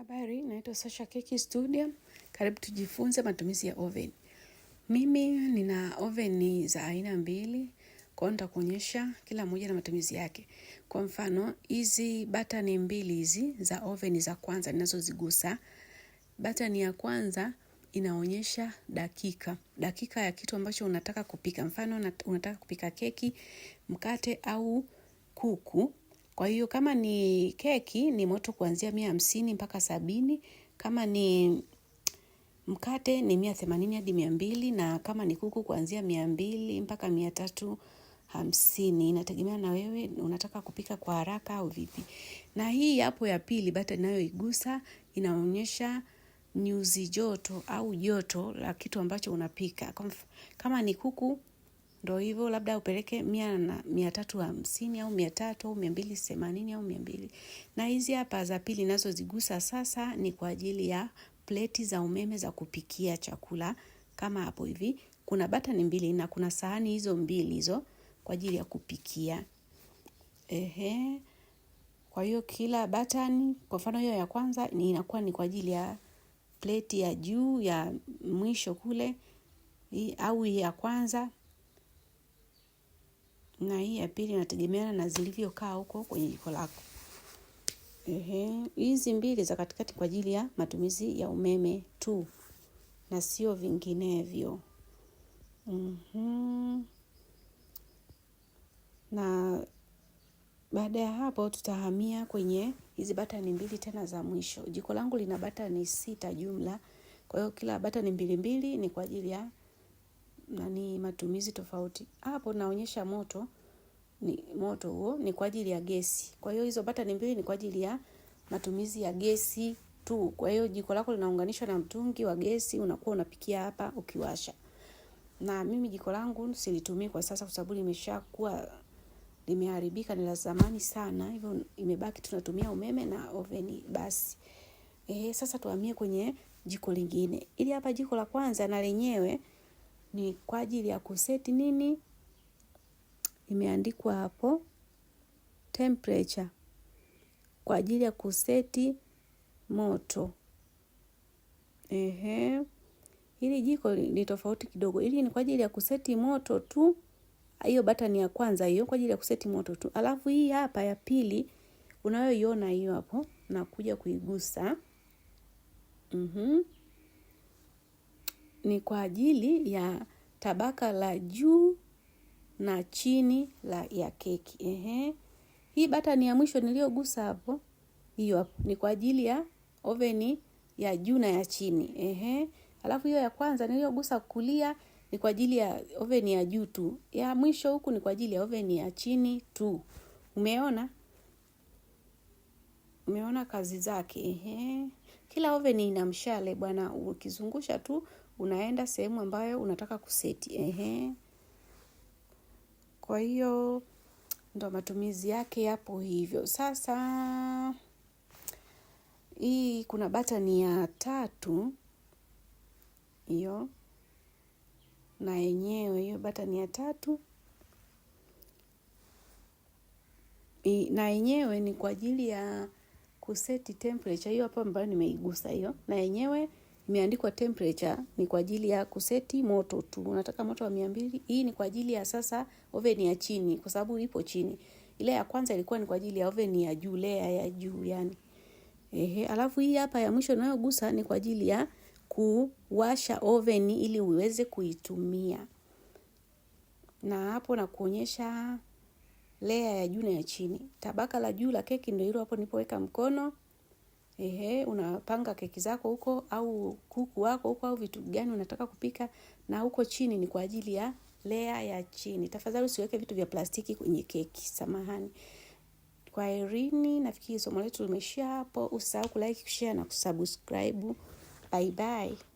Habari, naitwa Sasha Keki Studio. Karibu tujifunze matumizi ya oven. Mimi nina oven za aina mbili, kwa hiyo nitakuonyesha kila moja na matumizi yake. Kwa mfano, hizi button mbili hizi za oven za kwanza ninazozigusa. Button ya kwanza inaonyesha dakika, dakika ya kitu ambacho unataka kupika. Mfano, unataka kupika keki, mkate au kuku. Kwa hiyo kama ni keki ni moto kuanzia mia hamsini mpaka sabini, kama ni mkate ni mia themanini hadi mia mbili na kama ni kuku kuanzia mia mbili mpaka mia tatu hamsini inategemea na wewe unataka kupika kwa haraka au vipi. Na hii hapo ya pili bata inayoigusa inaonyesha nyuzi joto au joto la kitu ambacho unapika. Kama ni kuku ndo hivyo, labda upeleke mia na mia tatu hamsini au mia tatu au mia mbili themanini au mia mbili Na hizi hapa za pili nazozigusa sasa ni kwa ajili ya pleti za umeme za kupikia chakula kama hapo hivi. Kuna batani mbili na kuna sahani hizo mbili hizo kwa ajili ya kupikia. Ehe. Kwa hiyo kila batani, kwa mfano hiyo ya kwanza ni inakuwa ni kwa ajili ya pleti ya juu ya mwisho kule, au ya kwanza na hii ya pili inategemeana na zilivyokaa huko kwenye jiko lako. Ehe, hizi mbili za katikati kwa ajili ya matumizi ya umeme tu na sio vinginevyo. mm -hmm. Na baada ya hapo tutahamia kwenye hizi batani mbili tena za mwisho. Jiko langu lina batani sita jumla, kwa hiyo kila batani mbili mbili ni kwa ajili ya nani matumizi tofauti. Hapo naonyesha moto ni moto huo ni kwa ajili ya gesi. Kwa hiyo hizo batani mbili ni kwa ajili ya matumizi ya gesi tu. Kwa hiyo jiko lako linaunganishwa na mtungi wa gesi, unakuwa unapikia hapa ukiwasha. Na mimi jiko langu silitumii kwa sasa kwa sababu limeshakuwa limeharibika, ni la zamani sana, hivyo imebaki tunatumia umeme na oveni basi. e, sasa tuhamie kwenye jiko lingine. Ili hapa jiko la kwanza na lenyewe ni kwa ajili ya kuseti nini, imeandikwa hapo temperature, kwa ajili ya kuseti moto. Ehe, hili jiko ni tofauti kidogo, hili ni kwa ajili ya kuseti moto tu. Hiyo batani ya kwanza hiyo kwa ajili ya kuseti moto tu, alafu hii hapa ya pili unayoiona hiyo hapo, nakuja kuigusa. Mhm ni kwa ajili ya tabaka la juu na chini la ya keki. Ehe. Hii batani ya mwisho niliyogusa hapo, hiyo hapo ni kwa ajili ya oveni ya juu na ya chini. Ehe. Alafu hiyo ya kwanza niliyogusa kulia ni kwa ajili ya oveni ya juu tu. Ya mwisho huku ni kwa ajili ya oveni ya chini tu. Umeona? Umeona kazi zake. Ehe. Kila oven ina mshale bwana, ukizungusha tu unaenda sehemu ambayo unataka kuseti. Ehe. Kwa hiyo ndo matumizi yake yapo hivyo. Sasa hii kuna batani ya tatu hiyo na yenyewe hiyo batani ya tatu na yenyewe ni kwa ajili ya kuseti temperature. Hiyo hapa ambayo nimeigusa hiyo, na yenyewe imeandikwa temperature, ni kwa ajili ya kuseti moto tu. Unataka moto wa 200. Hii ni kwa ajili ya sasa oven ya chini, kwa sababu ipo chini. Ile ya kwanza ilikuwa ni kwa ajili ya oven ya juu, layer ya juu yani. Ehe, alafu hii hapa ya mwisho unayogusa ni kwa ajili ya kuwasha oven ili uweze kuitumia. Na hapo na kuonyesha layer ya juu na ya chini. Tabaka la juu la keki ndio hilo hapo nilipoweka mkono. Ehe, unapanga keki zako huko au kuku wako huko au vitu gani unataka kupika, na huko chini ni kwa ajili ya layer ya chini. Tafadhali usiweke vitu vya plastiki kwenye keki, samahani. Kwa Irini, nafikiri somo letu limeishia hapo. Usisahau kulike, kushare na kusubscribe. Bye bye.